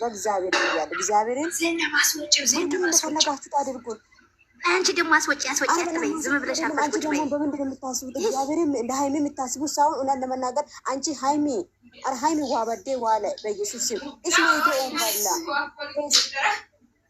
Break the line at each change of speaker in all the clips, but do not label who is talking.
በእግዚአብሔር እያለ እግዚአብሔርን
እንደፈለጋችሁ
ታድርጉ። አንቺ ደግሞ አስወጪ አስወጪ አትበይ፣ ዝም ብለሽ አንቺ ደግሞ በምንድን ነው የምታስቡት? እግዚአብሔር እንደ የምታስቡት ሳይሆን እውነት ለመናገር አንቺ ሀይሚ ኧረ ሀይሚ ዋበዴ ዋለ በኢየሱስ ስም እስሜቴ እንበላ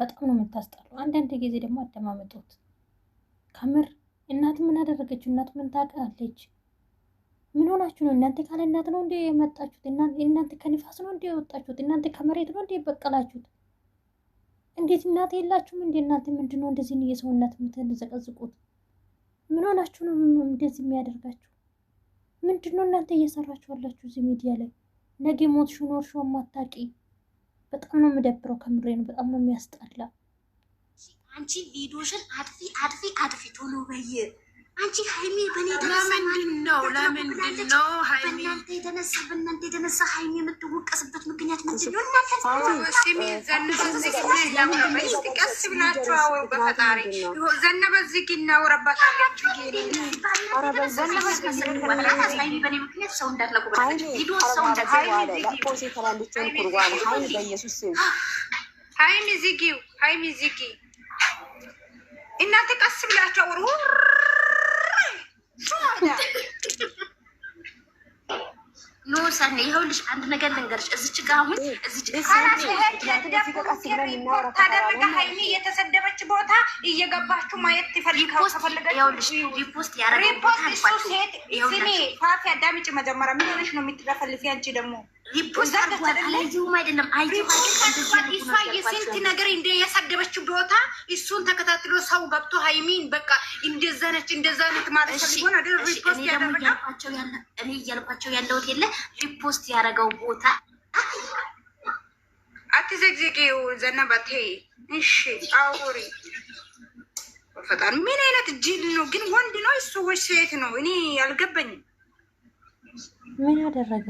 በጣም ነው የምታስጠሉ። አንዳንድ ጊዜ ደግሞ አደማመጡት ከምር እናት ምን አደረገችው? እናት ምን ታውቃለች? ምን ሆናችሁ ነው እናንተ? ካለ እናት ነው እንዴ የመጣችሁት? እናንተ ከንፋስ ነው እንዴ የወጣችሁት? እናንተ ከመሬት ነው እንዴ የበቀላችሁት? እንዴት እናት የላችሁም እንዴ? እናንተ ምንድን ነው እንደዚህ የሰው እናት የምትዘቀዝቁት? ምን ሆናችሁ ነው እንደዚህ የሚያደርጋችሁ? ምንድን ነው እናንተ እየሰራችሁ አላችሁ እዚህ ሚዲያ ላይ? ነገ ሞት ሽኖር ሾ ማታቂ በጣም ነው የምደብረው። ከምሬ ነው። በጣም ነው የሚያስጠላ።
አንቺ ቪዲዮሽን አጥፊ አጥፊ አጥፊ ቶሎ በይ። አንቺ ሀይሚ በእኔ
ለምንድን ነው ለምንድን ነው ሀይሚ በእናንተ
የተነሳ በእናንተ የተነሳ ሀይሚ የምትወቀስበት ምክንያት ምንድን ነው? እናንተ ቀስ ዘነበ ዝጊና ወረባት ሀይሚ በእኔ ምክንያት ሰው እንዳለቁ ሰው ሀይሚ ዝጊው ሀይሚ ዝጊ እናንተ ቀስ ብላችሁ ውርውር ሰኔ ይኸውልሽ፣ አንድ ነገር ልንገርሽ። እዚች ጋ አሁን እዚች ታደረገ ሀይሚ የተሰደበች ቦታ እየገባችሁ ማየት ይፈልጋልሽ። ሪፖስት ያረሪፖስት ሴት ስሜ ፋፊ አዳምጪ። መጀመሪያ ምን ሆነሽ ነው የምትለፈልፊ አንቺ ደግሞ የስንት ነገር የሰደበችው ቦታ እሱን ተከታትሎ ሰው ገብቶ ሀይሚን በቃ እንደዛ ነች እንደዛ ነች ማለት እኔ እያልኳቸው ያለሁት የለ ሪፖስት ያደረገው ቦታ አትዘግዘጊው ዘነበቴ። እሺ አውሪ ፈጣን ምን አይነት ጅል ነው ግን? ወንድ ነው እሱ ወይ ሴት ነው? እኔ አልገባኝም። ምን አደረገ?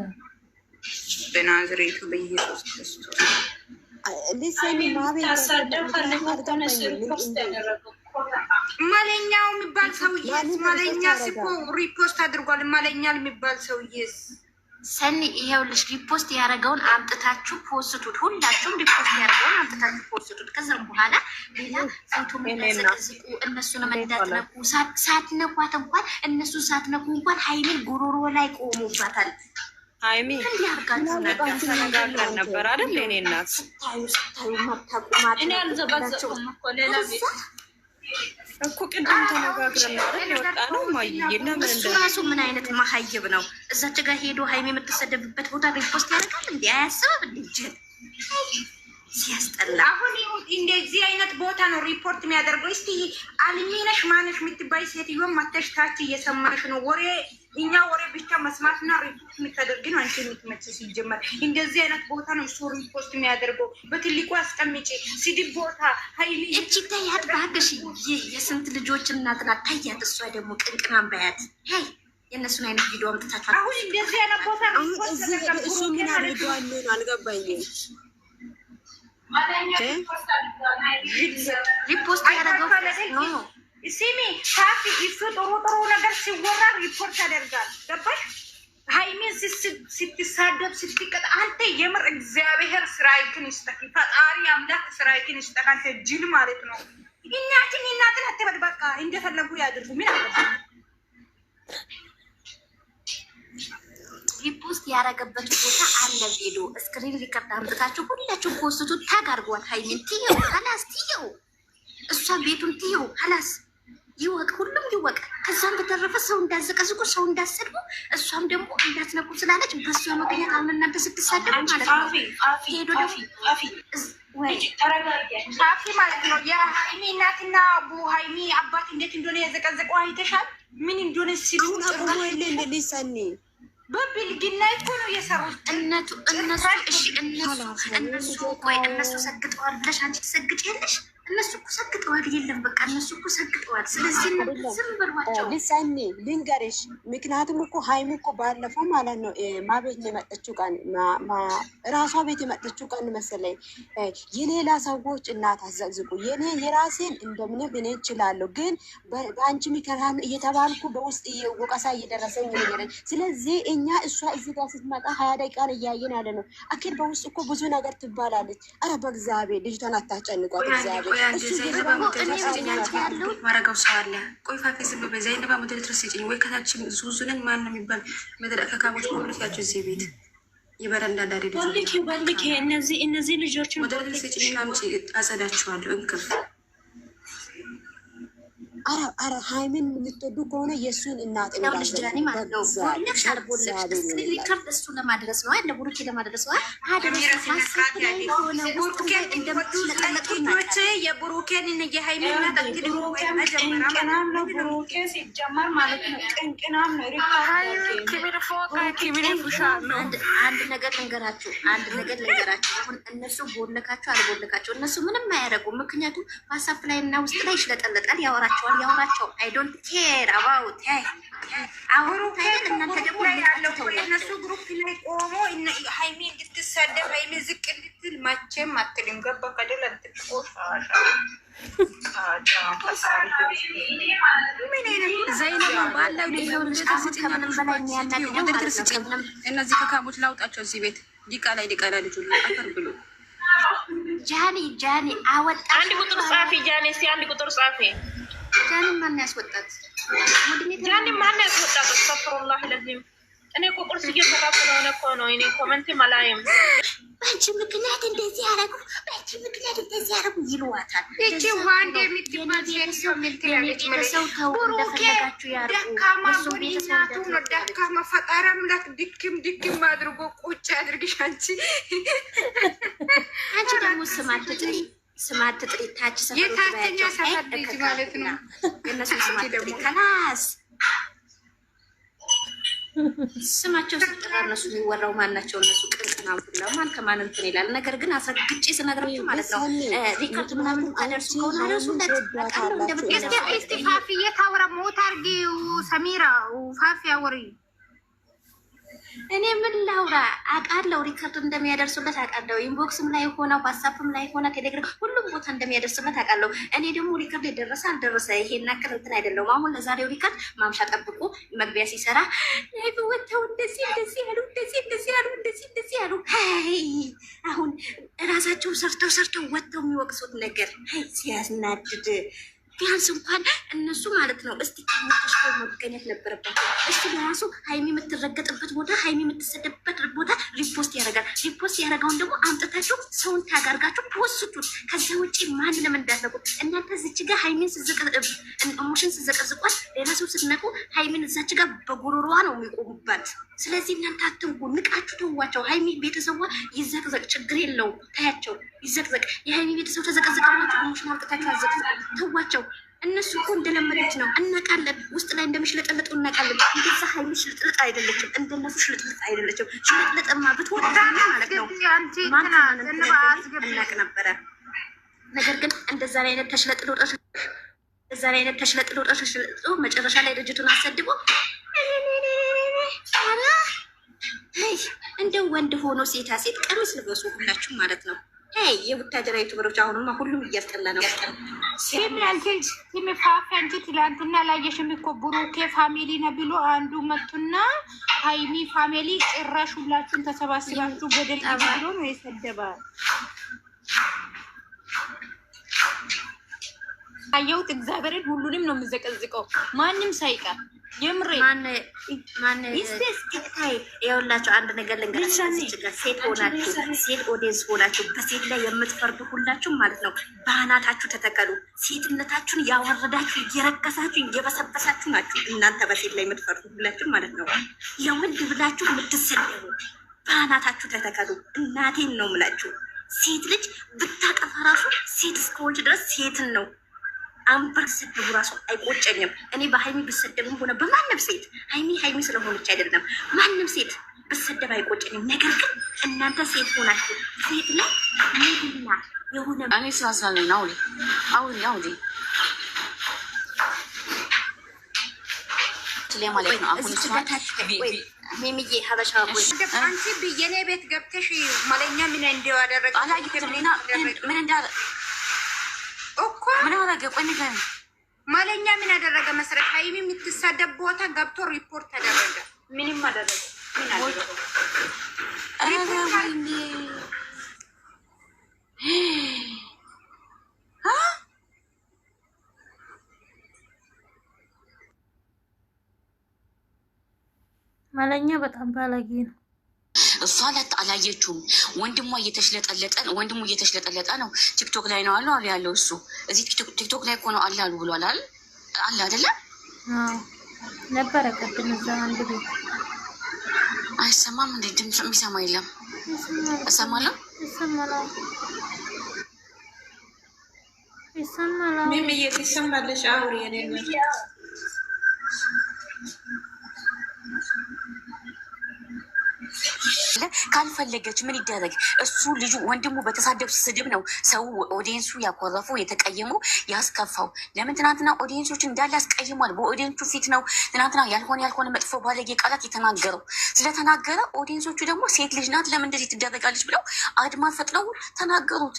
በናዝሬቱ በኢየሱስ ክርስቶስ ማለኛው የሚባል ሰውዬስ ማለኛ ስኮ ሪፖስት አድርጓል። ማለኛል የሚባል ሰውዬስ ሰኒ ይኸውልሽ፣ ሪፖስት ያደረገውን አምጥታችሁ ፖስቱት። ሁላችሁም ሪፖስት ያደረገውን አምጥታችሁ ፖስቱት። ከዛም በኋላ ሌላ ፎቶ መዘቅዝቁ፣ እነሱንም እንዳትነኩ። ሳትነኳት እንኳን እነሱን ሳትነኩ እንኳን ሀይልን ጉሮሮ ላይ ቆሙባታል። አይሚ ተነጋግረን ነበር አይደል? የእኔ እናት እኮ ቅድም ተነጋግረን ነው ራሱ ምን አይነት ነው? እዛች ጋር ሄዶ ሀይሚ የምትሰደብበት ቦታ ሪፖስት ያደርጋል እንዴ? አያስብም እንዴ? ሲያስጠላ። አሁን እንደዚህ አይነት ቦታ ነው ሪፖርት የሚያደርገው። እስቲ አልሚነሽ ማነሽ የምትባይ ሴትዮ መተሽ ታች እየሰማሽ ነው ወሬ እኛ ወሬ ብቻ መስማትና ሪፖርት የምታደርግ ነው አንቺ የምትመች። ሲጀመር እንደዚህ አይነት ቦታ ነው እሱ ሪፖርት የሚያደርገው። በትልቁ አስቀምጪ ስድብ ቦታ ሀይል እቺ ታያት ባገሽ ይህ የስንት ልጆች እናትና ታያት። እሷ ደግሞ ቅንቅናን ባያት ይ የእነሱን አይነት ቪዲዮ አምጥታችኋል። አሁን እንደዚህ አይነት ቦታ እሱ ምን አድርገዋል አልገባኝም። ሪፖርት ያደረገው ነው ሲሚ ታፊ እሱ ጥሩ ጥሩ ነገር ሲወራ ሪፖርት ያደርጋል። ገባሽ? ሀይሜን ስትሳደብ ስትቀጥ፣ አንተ የምር እግዚአብሔር ስራይክን ይስጠህ። ፈጣሪ አምላክ ስራይክን ይስጠህ። አንተ ጅል ማለት ነው። እኛችን እናትን አትበል። በቃ እንደፈለጉ ያድርጉ። ምን አለ ሪፖስት ያደረገበት ቦታ አለ። ቪዲዮ እስክሪን ሪከርድ አምጥታችሁ ሁላችሁ ፖስቱ ታጋርጓል። ሀይሜን ትየው፣ ሀላስ ትየው፣ እሷ ቤቱን ትየው፣ ሀላስ ይወቅ፣ ሁሉም ይወቅ። ከዛም በተረፈ ሰው እንዳዘቀዝቁ ሰው እንዳሰድቡ እሷም ደግሞ እንዳትነቁ ስላለች በሷ ምክንያት አሁን እናንተ ስትሳደቡ ማለት ነው። ሄዶ ፊ ማለት ነው የሀይሚ እናትና አቡ ሀይሚ አባት እንዴት እንደሆነ የዘቀዘቁ አይተሻል? ምን እንደሆነ ሲሉ ሰኒ በብልግና እኮ ነው የሰሩት። እነሱ እነሱ እሺ እነሱ እነሱ ቆይ እነሱ ሰግጠዋል ብለሽ አንቺ ትሰግጭ የለሽ እነሱ እኮ ሰግጠዋል። የለም በቃ እነሱ እኮ ሰግጠዋል። ስለዚህ ዝም በሏቸው። ልንገርሽ፣ ምክንያቱም እኮ ሀይሙ እኮ ባለፈው ማለት ነው ማቤት የመጠችው ቀን ራሷ ቤት የመጠችው ቀን መሰለኝ የሌላ ሰዎች እናት አዘቅዝቁ የኔ የራሴን እንደምንም እኔ እችላለሁ፣ ግን በአንቺ ምክንያት እየተባልኩ በውስጥ ወቀሳ እየደረሰኝ ነገረኝ። ስለዚህ እኛ እሷ እዚህ ጋር ስትመጣ ሀያ ደቂቃን እያየን ያለ ነው። አኪል በውስጥ እኮ ብዙ ነገር ትባላለች። አረ በእግዚአብሔር ልጅቷን እግዚአብሔር ቆይ አንድ ዘይነባ ሙደት ስጭኝ። አንቺ ማረገው ሰው አለ። ቆይ ፋፌ ዝም በይ። ዘይነባ ሙደት ድረስ ስጭኝ ወይ ከታች ዙዙንን ማን ነው የሚባል ምድረ ከካሞች ሁሉካቸው እዚህ ቤት የበረንዳ ዳሪ ልጅ ወልኬ እነዚህ እነዚህ ልጆችን ሙደት ስጭኝ። አምጪ አጸዳችኋለሁ እንክፍ አረ ሀይምን የምትወዱ ከሆነ የእሱን እናት ነው እሱ ለማድረስ ነው እንደ ቡሩኬ ለማድረስ ነው። የቡሩኬን የሀይሚን አንድ ነገር ልንገራችሁ፣ አንድ ነገር ልንገራችሁ። አሁን እነሱ ቦለካቸው አልቦለካቸው እነሱ ምንም አያደርጉም። ምክንያቱም ዋትሳፕ ላይ እና ውስጥ ላይ ይሽለጠለጣል ያወራቸዋል ያው ናቸው። አይ ዶንት ኬር አባውት አሁን እናንተ ደግሞ ያለው የነሱ ግሩፕ ላይ ቆሞ ሀይሚ እንድትሳደብ ሀይሚ ዝቅ እንድትል ማቼም አትልም። ገባ ከደል እነዚህ ከካሞች ላውጣቸው እዚህ ቤት ዲቃ ላይ ዲቃ ልጁ አፈር ብሎ ጃኒ ጃኒ አወጣ። አንድ ቁጥር ጻፊ ጃኒ፣ እስኪ አንድ ቁጥር ጻፊ ጃንን ማን ያስወጣት? ጃንን ማን ያስወጣት? አስተፍሩላህ ለዚህም እኔ እኮ ቁርስ እየሰራ ስለሆነ እኮ ነው። እኔ ኮመንት አላይም። በአንቺ ምክንያት እንደዚህ ያረጉ፣ በአንቺ ምክንያት እንደዚህ ያረጉ ይልዋታል። እቺ ዋንድ ደካማ ጎኒናቱ ነው። ደካማ ፈጣሪ አምላክ ድክም ድክም አድርጎ ቁጭ አድርግሽ አንቺ አንቺ ደግሞ ስም አትጥሪ ስማት ጥሪታች የታተኛ ሰፈር ልጅ ማለት ነው። የነሱ ስማት ጥሪ ከላስ ስማቸው ስጠራ እነሱ የሚወራው ማናቸው? እነሱ ቅንቅና ብለው ማን ከማን እንትን ይላል። ነገር ግን አስረግጬ ስነግራቸው ማለት ነው ሪካርድ ምናምን አደርሱ ከሆነ አደርሱለት ቃለ እንደምትያስ ፋፊ የታወረ ሞት አርጊው ሰሚራ ፋፊ አወሪ እኔ ምን ላውራ አውቃለሁ። ሪከርድ እንደሚያደርሱለት አውቃለሁ። ኢንቦክስም ላይ ሆነ ዋትሳፕም ላይ ሆነ ቴሌግራም፣ ሁሉም ቦታ እንደሚያደርሱለት አውቃለሁ። እኔ ደግሞ ሪከርድ የደረሰ አልደረሰ ይሄን አክል እንትን አይደለሁም። አሁን ለዛሬው ሪከርድ ማምሻ ጠብቁ። መግቢያ ሲሰራ ወጥተው እንደዚህ እንደዚህ ያሉ እንደዚህ እንደዚህ ያሉ እንደዚህ እንደዚህ ያሉ አሁን እራሳቸው ሰርተው ሰርተው ወጥተው የሚወቅሱት ነገር ሲያስናድድ ቢያንስ እንኳን እነሱ ማለት ነው እስቲ ተሽሎ መገኘት ነበረበት። እሱ ለራሱ ሀይሚ የምትረገጥበት ቦታ፣ ሀይሚ የምትሰደበት ቦታ ሪፖስት ያደርጋል። ሪፖስት ያደረገውን ደግሞ አምጥታችሁ ሰውን ታጋርጋችሁ ፖስቱን። ከዚያ ውጭ ማን ማንንም እንዳለቁ እናንተ። ዝች ጋር ሀይሚን ሙሽን ስዘቀዝቋል፣ ሌላ ሰው ስትነቁ ሀይሚን እዛች ጋር በጉሮሮዋ ነው የሚቆሙበት። ስለዚህ እናንተ አትንጉ፣ ንቃችሁ ተዋቸው። ሀይሚ ቤተሰቧ ይዘቅዘቅ፣ ችግር የለውም ታያቸው፣ ይዘቅዘቅ። የሀይሚ ቤተሰብ ተዘቀዘቀ ብላችሁ ሙሽን አምጥታችሁ አዘቅዘቅ፣ ተዋቸው። እነሱ እኮ እንደለመደች ነው እናቃለን። ውስጥ ላይ እንደምሽለጠለጡ እናቃለን። እንደዛ ሀይሉ ሽልጥልጥ አይደለችም፣ እንደነሱ ሽልጥልጥ አይደለችም። ሽልጥልጥማ ብትወዳ ማለት ነው ነበረ። ነገር ግን እንደዛ ላይ አይነት ተሽለጥሎ እዛ ላይ አይነት ተሽለጥሎ ተሽለጥሎ መጨረሻ ላይ ልጅቱን አሰድቦ እንደ ወንድ ሆኖ ሴታ ሴት ቀሚስ ልበሱ ሁላችሁም ማለት ነው። የቡታጀራ ዩቱበሮች አሁንማ ሁሉም እያስጠላ ነው። ሲሚ አንቺን ሲሚ ፋፍ አንቺ ትላንትና ላየሽም እኮ ኬ ፋሚሊ ነ ብሎ አንዱ መጡና ሀይሚ ፋሚሊ ጭራሽ ሁላችሁን ተሰባስባችሁ ገደል ብሎ ነው የሰደባል። አየሁት። እግዚአብሔርን ሁሉንም ነው የምዘቀዝቀው ማንም ሳይቀር የውላችሁ አንድ ነገር ልንገራችሁ። ሴት ሆናችሁ ሴት ኦዲየንስ ሆናችሁ በሴት ላይ የምትፈርዱ ሁላችሁ ማለት ነው፣ በአናታችሁ ተተከሉ። ሴትነታችሁን ያወረዳችሁ እየረከሳችሁ እየበሰበሳችሁ ናችሁ እናንተ በሴት ላይ የምትፈርዱ ሁላችሁ ማለት ነው። ለወንድ ብላችሁ የምትሰደቡ ባህናታችሁ ተተከሉ። እናቴን ነው የምላችሁ። ሴት ልጅ ብታጠፋ ራሱ ሴት እስከሆንች ድረስ ሴትን ነው አንበር ስድቡ ራሱ አይቆጨኝም። እኔ በሀይሚ ብሰደብም ሆነ በማንም ሴት ሀይሚ ሀይሚ ስለሆነች አይደለም፣ ማንም ሴት ብሰደብ አይቆጨኝም። ነገር ግን እናንተ ሴት ሆናችሁ ሴት ላይ ሜድና የሆነ እኔ ስላስላለኝ አውሪ አውሪ አውሪ ማለት ነው። አሁን ሚሚዬ ሀበሻ አንቺ ብየኔ ቤት ገብተሽ ማለኛ ምን እንዲያደረግ ምን እንዳ mana orang gak punya kan? Malahnya mina masalah ini itu sadap buat apa gak tuh report ada raga? Minim ada raga. Malahnya bertambah lagi. እሷ አላየችውም። ወንድሟ እየተሽለጠለጠ ወንድሙ እየተሽለጠለጠ ነው። ቲክቶክ ላይ ነው አሉ አሉ ያለው እሱ እዚህ ቲክቶክ ላይ እኮ ነው አለ አሉ ብሏል። አለ አለ አይደለም ነበረ ቅድም እዛ አንድ ቤት አይሰማም እንዴ? ድምፅ የሚሰማ የለም። እሰማለሁ ይሰማል። ሚሚዬ ትሰማለሽ? አሁን የኔ ነው ካልፈለገች ምን ይደረግ? እሱ ልጁ ወንድሙ በተሳደብ ስድብ ነው ሰው ኦዲየንሱ ያኮረፈው የተቀየመው ያስከፋው። ለምን ትናንትና ኦዲየንሶችን እንዳለ ያስቀይሟል። በኦዲየንሱ ፊት ነው ትናንትና ያልሆነ ያልሆነ መጥፎ ባለጌ ቃላት የተናገረው። ስለተናገረ ኦዲየንሶቹ ደግሞ ሴት ልጅ ናት ለምን እንደዚህ ትደረጋለች ብለው አድማ ፈጥረው ተናገሩት።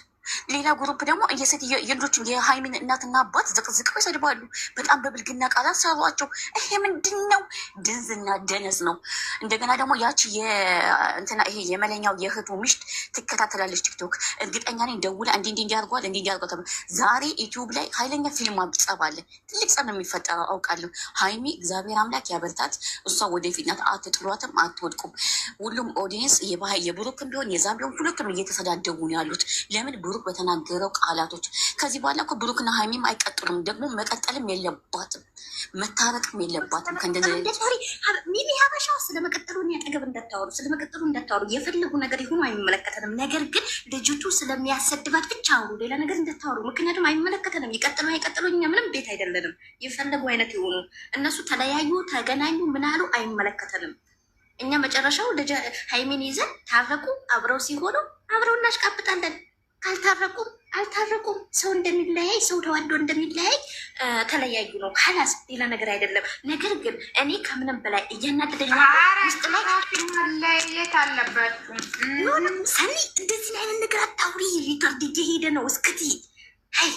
ሌላ ግሩፕ ደግሞ የሴትዮ የልጆችን የሀይሚን እናትና አባት ዘቅዝቀው ይሰድባሉ። በጣም በብልግና ቃላት ሰሯቸው። ይሄ ምንድን ነው? ድንዝና ደነዝ ነው። እንደገና ደግሞ ያቺ እንትና ይሄ የመለኛው የእህቱ ምሽት ትከታተላለች ቲክቶክ። እርግጠኛ ነኝ ደውላ እንዲ እንዲ እንዲያርጓል እንዲ እንዲያርጓል ተብሎ ዛሬ ዩቲዩብ ላይ ሀይለኛ ፊልም ጸብ ትልቅ ጸብ ነው የሚፈጠረው አውቃለሁ። ሀይሚ እግዚአብሔር አምላክ ያበርታት። እሷ ወደፊት ናት። አትጥሏትም፣ አትወድቁም። ሁሉም ኦዲየንስ የባህ የብሩክም ቢሆን የዛም ቢሆን ሁለቱም እየተሰዳደቡ ነው ያሉት። ለምን ብሩ ብሩክ በተናገረው ቃላቶች ከዚህ በኋላ እኮ ብሩክና ሀይሚም አይቀጥሉም። ደግሞ መቀጠልም የለባትም መታረቅም የለባትም። ከእንደሚሚ ሀበሻ ስለመቀጠሉ ያጠገብ እንዳታወሩ፣ ስለመቀጠሉ እንዳታወሩ። የፈለጉ ነገር ይሁኑ አይመለከተንም። ነገር ግን ልጅቱ ስለሚያሰድባት ብቻ አውሩ፣ ሌላ ነገር እንዳታወሩ። ምክንያቱም አይመለከተንም። ይቀጥሉ አይቀጥሉ፣ እኛ ምንም ቤት አይደለንም። የፈለጉ አይነት ይሁኑ እነሱ ተለያዩ፣ ተገናኙ፣ ምናሉ አይመለከተንም። እኛ መጨረሻው ልጅ ሀይሚን ይዘን ታረቁ፣ አብረው ሲሆኑ አብረው እናሽቃብጣለን። አልታረቁም አልታረቁም ሰው እንደሚለያይ ሰው ተዋዶ እንደሚለያይ ተለያዩ ነው። ካላስ ሌላ ነገር አይደለም። ነገር ግን እኔ ከምንም በላይ እያናደደኝ መለየት አለባችሁ። ሰኒ እንደዚህ አይነት ነገር አጣውሪ ሪከርድ እየሄደ ነው። እስክቲ ይ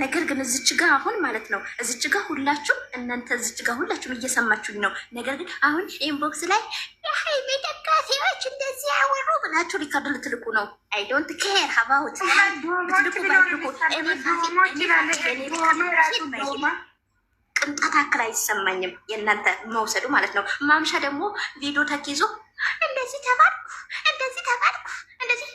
ነገር ግን እዚች ጋ አሁን ማለት ነው እዚች ጋ ሁላችሁም እናንተ እዚች ጋ ሁላችሁም እየሰማችሁኝ ነው። ነገር ግን አሁን ኢንቦክስ ላይ ናቸው ሪካርዶ ልትልቁ ነው። አይ ዶንት ኬር ሀባሁት ቅንጣት አክል አይሰማኝም። የእናንተ መውሰዱ ማለት ነው። ማምሻ ደግሞ ቪዲዮ ተኪዞ እንደዚህ ተባልኩ እንደዚህ ተባልኩ እንደዚህ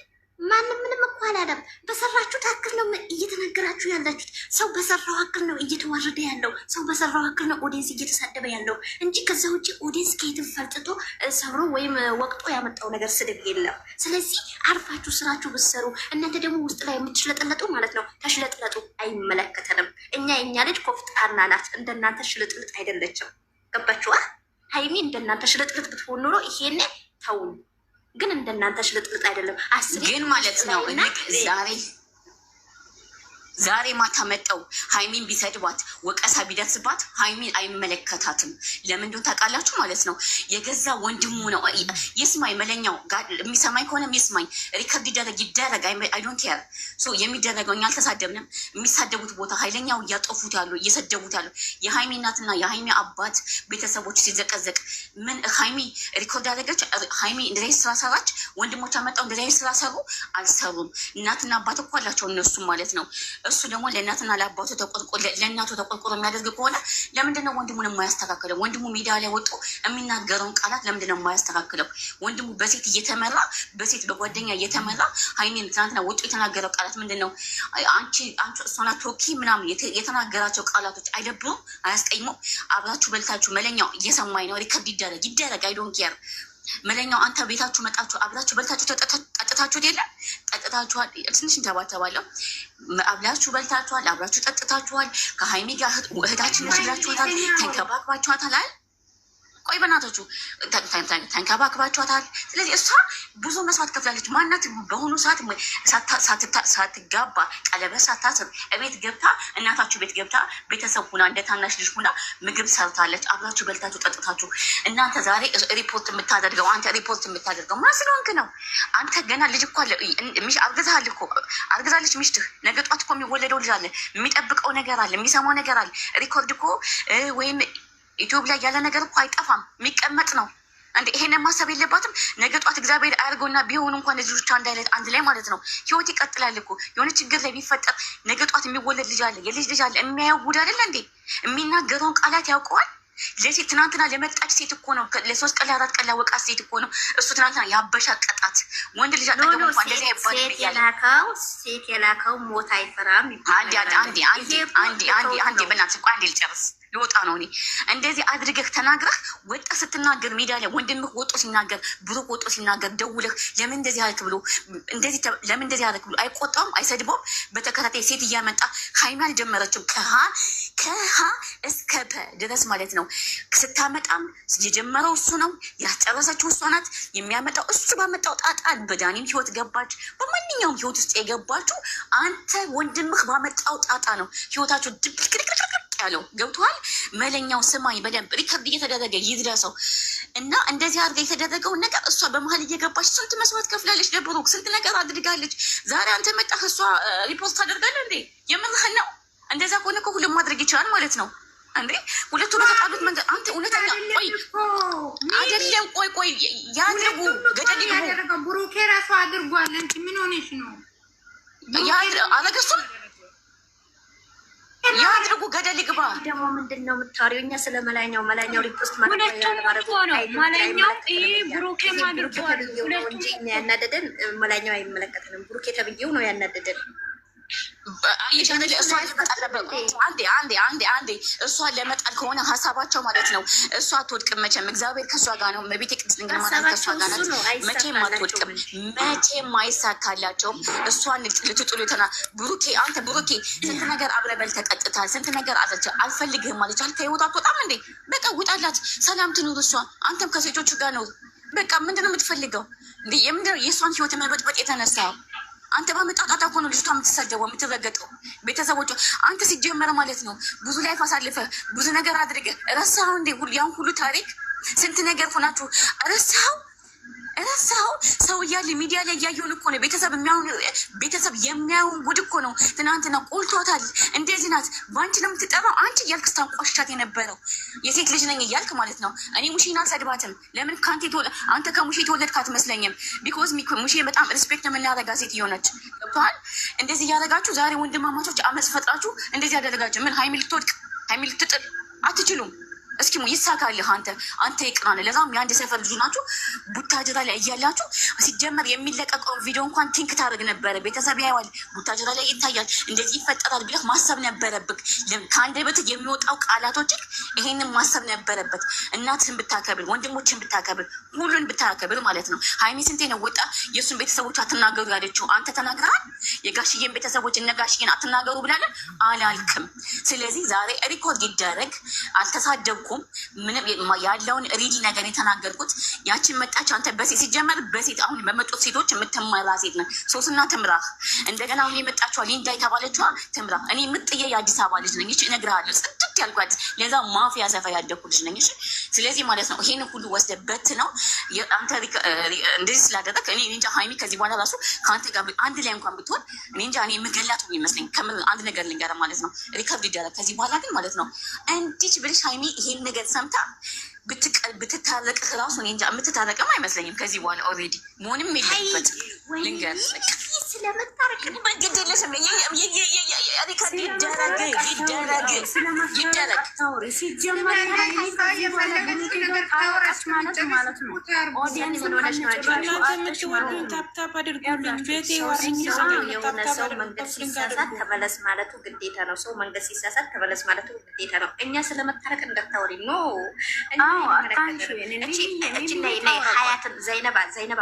ማንም ምንም እኮ አላለም። በሰራችሁት አክል ነው እየተነገራችሁ ያላችሁት። ሰው በሰራው አክል ነው እየተዋረደ ያለው። ሰው በሰራው አክል ነው ኦዲንስ እየተሳደበ ያለው እንጂ ከዛ ውጭ ኦዲንስ ከየትም ፈልጥጦ ሰብሮ ወይም ወቅጦ ያመጣው ነገር ስድብ የለም። ስለዚህ አርፋችሁ ስራችሁ ብትሰሩ፣ እናንተ ደግሞ ውስጥ ላይ የምትሽለጥለጡ ማለት ነው ተሽለጥለጡ። አይመለከተንም። እኛ የእኛ ልጅ ኮፍጣና ናት፣ እንደናንተ ሽልጥልጥ አይደለችም። ገባችኋ? ሀይሚ እንደናንተ ሽልጥልጥ ብትሆን ኖሮ ይሄን ተውን። ግን እንደናንተ ሽልጥልጥ አይደለም። አስቤ ግን ማለት ነው ዛሬ ዛሬ ማታ መጠው ሀይሚን ቢሰድባት ወቀሳ ቢደርስባት ሀይሚን አይመለከታትም። ለምን እንደሆነ ታውቃላችሁ ማለት ነው። የገዛ ወንድሙ ነው። ይስማኝ መለኛው የሚሰማኝ ከሆነ ይስማኝ፣ ሪከርድ ይደረግ ይደረግ፣ አይዶንት ኬር የሚደረገው እኛ አልተሳደብንም። የሚሳደቡት ቦታ ሀይለኛው እያጠፉት ያሉ እየሰደቡት ያሉ የሀይሚ እናትና የሀይሚ አባት ቤተሰቦች ሲዘቀዘቅ ምን ሀይሚ ሪኮርድ ያደረገች ሀይሚ እንደዚህ ስራ ሰራች፣ ወንድሞች አመጣው እንደዚህ ስራ ሰሩ። አልሰሩም። እናትና አባት እኮ አላቸው እነሱም ማለት ነው እሱ ደግሞ ለእናትና ለአባቱ ለእናቱ ተቆርቆሮ የሚያደርግ ከሆነ ለምንድነው ወንድሙን የማያስተካክለው? ወንድሙ ሜዳ ላይ ወጦ የሚናገረውን ቃላት ለምንድነው የማያስተካክለው? ወንድሙ በሴት እየተመራ በሴት በጓደኛ እየተመራ ሀይኔን ትናንትና ወጦ የተናገረው ቃላት ምንድን ነው? አንቺ እሷና ቶኪ ምናምን የተናገራቸው ቃላቶች አይደብሩም? አያስቀይሙም? አብራችሁ በልታችሁ መለኛው እየሰማኝ ነው። ሪከርድ ይደረግ ይደረግ። አይ ኬር መለኛው አንተ ቤታችሁ መጣችሁ አብላችሁ በልታችሁ ጠጥታችሁት የለም ጠጥታችኋል። ትንሽ እንተባተባለሁ። አብላችሁ በልታችኋል፣ አብላችሁ ጠጥታችኋል። ከሀይሚ ጋር እህታችን ነች ብላችኋታል፣ ተንከባክባችኋታል አይደል ቆይ በእናቶቹ ተንከባክባችኋታል። ስለዚህ እሷ ብዙ መስዋዕት ከፍላለች። ማናት በሆኑ ሰዓት ሳትጋባ ቀለበት ሳታስር እቤት ገብታ እናታችሁ ቤት ገብታ ቤተሰብ ሁና እንደ ታናሽ ልጅ ሁና ምግብ ሰርታለች። አብራችሁ በልታችሁ ጠጥታችሁ እናንተ ዛሬ ሪፖርት የምታደርገው አንተ ሪፖርት የምታደርገው ማ ስለሆንክ ነው? አንተ ገና ልጅ እኮ አለ አርግዛል እኮ አርግዛለች ሚስትህ። ነገ ጧት እኮ የሚወለደው ልጅ አለ፣ የሚጠብቀው ነገር አለ፣ የሚሰማው ነገር አለ። ሪኮርድ እኮ ወይም ኢትዮብ ላይ ያለ ነገር እኮ አይጠፋም፣ የሚቀመጥ ነው። እንደ ይሄን ማሰብ የለባትም። ነገ ጧት እግዚአብሔር አያርገውና ቢሆን እንኳን ልጆቿ እንዳይለት አንድ ላይ ማለት ነው። ህይወት ይቀጥላል እኮ የሆነ ችግር ላይ ቢፈጠር ነገ ጧት የሚወለድ ልጅ አለ፣ የልጅ ልጅ አለ። የሚያየው ጉድ አይደለ እንዴ? የሚናገረውን ቃላት ያውቀዋል። ለሴት ትናንትና ለመጣች ሴት እኮ ነው። ለሶስት ቀን ለአራት ቀን ላወቃት ሴት እኮ ነው። እሱ ትናንትና ያበሻ ቀጣት ወንድ ልጅ አጠገቡ እንኳን እንደዚህ አይባል። የላከው ሴት የላከው ሞት አይፈራም። አንዴ አንዴ አንዴ አንዴ አንዴ በእናትህ አንዴ ልጨርስ ልወጣ ነው እኔ። እንደዚህ አድርገህ ተናግረህ ወጣ ስትናገር ሜዳ ላይ ወንድምህ ወጦ ሲናገር ብሩክ ወጦ ሲናገር ደውለህ ለምን እንደዚህ አልክ ብሎ ለምን እንደዚህ አልክ ብሎ አይቆጣውም፣ አይሰድበውም። በተከታታይ ሴት እያመጣ ሀይሚ አልጀመረችም። ከሀ ከሀ እስከ ፐ ድረስ ማለት ነው። ስታመጣም የጀመረው እሱ ነው፣ ያስጨረሰችው እሷ ናት። የሚያመጣው እሱ ባመጣው ጣጣ በዳኒም ህይወት ገባች። በማንኛውም ህይወት ውስጥ የገባችው አንተ ወንድምህ ባመጣው ጣጣ ነው። ህይወታችሁ ድብልቅልቅልቅ ያለው ገብቶሃል። መለኛው ስማኝ በደንብ ሪከርድ እየተደረገ ይድረሰው እና እንደዚህ አድርጋ የተደረገውን ነገር እሷ በመሀል እየገባች ስንት መስዋዕት ከፍላለች፣ ለብሩክ ስንት ነገር አድርጋለች። ዛሬ አንተ መጣህ፣ እሷ ሪፖርት ታደርጋለህ እንዴ? የምልህን ነው። እንደዛ ከሆነ እኮ ሁሉም ማድረግ ይችላል ማለት ነው። እንዴ ሁለቱ በተጣሉት መንገድ አንተ እውነተኛ ቆይ አይደለም። ቆይ ቆይ ያድርጉ፣ ገደል ይግቡ። ብሩኬ ራሱ አድርጓል። ምን ሆነሽ ነው? አረገሱም ያድርጉ ገደል ይግባ። ደግሞ ምንድን ነው የምታወሪው? እኛ ስለ መላኛው መላኛው ሪፖስት ማድረግ ያናደደን መላኛው አይመለከተንም። ብሩኬ ተብዬው ነው ያናደደን። አንዴ አንዴ እሷን ለመጣል ከሆነ ሀሳባቸው ማለት ነው። እሷ አትወድቅም መቼም፣ እግዚአብሔር ከእሷ ጋር ነው። መቤቴ ቅድስት ድንግል ማርያም ከእሷ ጋር ናት። መቼም አትወድቅም፣ መቼም አይሳካላቸውም። እሷን ልትጥሉ ተና ብሩኬ፣ አንተ ብሩኬ፣ ስንት ነገር አብረበል በል ተቀጥታል፣ ስንት ነገር አለችው። አልፈልግህም ማለች አል ከህይወት ወጣም እንዴ? በቃ ውጣላት፣ ሰላም ትኑር እሷ። አንተም ከሴቶቹ ጋር ነው። በቃ ምንድነው የምትፈልገው? የምንድነው የእሷን ህይወት መበጥበጥ የተነሳ አንተ በመጣጣት እኮ ነው ልጅቷ የምትሰደበው የምትረገጠው። ቤተሰቦች አንተ ሲጀመረ ማለት ነው ብዙ ላይፍ አሳልፈ ብዙ ነገር አድርገ ረሳው እንዴ? ያን ሁሉ ታሪክ ስንት ነገር ሆናችሁ ረሳው ረሳው ሰው እያለ ሚዲያ ላይ እያየውን እኮ ነው ቤተሰብ የሚያሁን ቤተሰብ የሚያዩን ጉድ እኮ ነው። ትናንትና ቆልቶታል። እንደዚህ ናት በአንቺ ነው የምትጠራው አንቺ እያልክ ስታንቋሻት የነበረው የሴት ልጅ ነኝ እያልክ ማለት ነው። እኔ ሙሽን አልሰድባትም። ለምን ከአንተ አንተ ከሙሽ የተወለድክ አትመስለኝም። ቢኮዝ ሙሽ በጣም ሪስፔክት ነው የምናደርጋ ሴት እየሆነች ገብተዋል። እንደዚህ እያደረጋችሁ ዛሬ ወንድማማቾች አመፅ ፈጥራችሁ እንደዚህ ያደረጋችሁ ምን ሀይሚ ልትወድቅ ሀይሚ ልትጥል አትችሉም። እስኪ ይሳካልህ። አንተ አንተ ይቅናል። ለዛም የአንድ ሰፈር ልጅ ናችሁ። ቡታጀራ ላይ እያላችሁ ሲጀመር የሚለቀቀውን ቪዲዮ እንኳን ቲንክ ታደርግ ነበረ። ቤተሰብ ያይዋል፣ ቡታጀራ ላይ ይታያል፣ እንደዚህ ይፈጠራል ብለህ ማሰብ ነበረብክ። ከአንድ ከአንደበትህ የሚወጣው ቃላቶች ይሄንን ማሰብ ነበረበት። እናትህን ብታከብር፣ ወንድሞችን ብታከብር፣ ሁሉን ብታከብር ማለት ነው። ሀይሚ ስንቴ ነው ወጣ የእሱን ቤተሰቦች አትናገሩ ያለችው? አንተ ተናግረሃል። የጋሽዬን ቤተሰቦች እነ ጋሽዬን አትናገሩ ብላለን አላልክም። ስለዚህ ዛሬ ሪኮርድ ይደረግ። አልተሳደብኩ አላልኩም። ምንም ያለውን ሪል ነገር የተናገርኩት ያችን መጣች። አንተ በሴት ሲጀመር በሴት አሁን በመጡት ሴቶች የምትመራ ሴት ነ ሶስና ትምራ። እንደገና አሁን የመጣችኋ ሊንዳ የተባለችዋ ትምራ። እኔ ምጥዬ የአዲስ አበባ ልጅ ነኝ። እነግርሃለሁ፣ ጽድት ያልኳት ለዛ ማፊያ ሰፈር ያደኩ ልጅ ነኝ። ስለዚህ ማለት ነው ይሄን ሁሉ ወስደበት ነው አንተ እንደዚህ ስላደረግ እኔ እንጃ። ሀይሚ ከዚህ በኋላ ራሱ ከአንተ ጋር አንድ ላይ እንኳን ብትሆን እኔ እንጃ። እኔ የምገላት ይመስለኝ። ከምር አንድ ነገር ልንገርህ ማለት ነው ሪከርድ ይደረግ ከዚህ በኋላ ግን ማለት ነው እንዲች ብልሽ ሀይሚ ይሄን ይሄን ነገር ሰምታ ብትታለቅ ራሱ እኔ እንጃ የምትታረቅም አይመስለኝም። ከዚህ በኋላ ኦልሬዲ መሆንም የለበት ልንገር ተመለስ ማለቱ ግዴታ ነው። ሰው መንገድ ሲሳሳት ተመለስ ማለቱ ግዴታ ነው። እኛ ስለመታረቅ እንዳታወሪ ነው። ዘይነባ ዘይነባ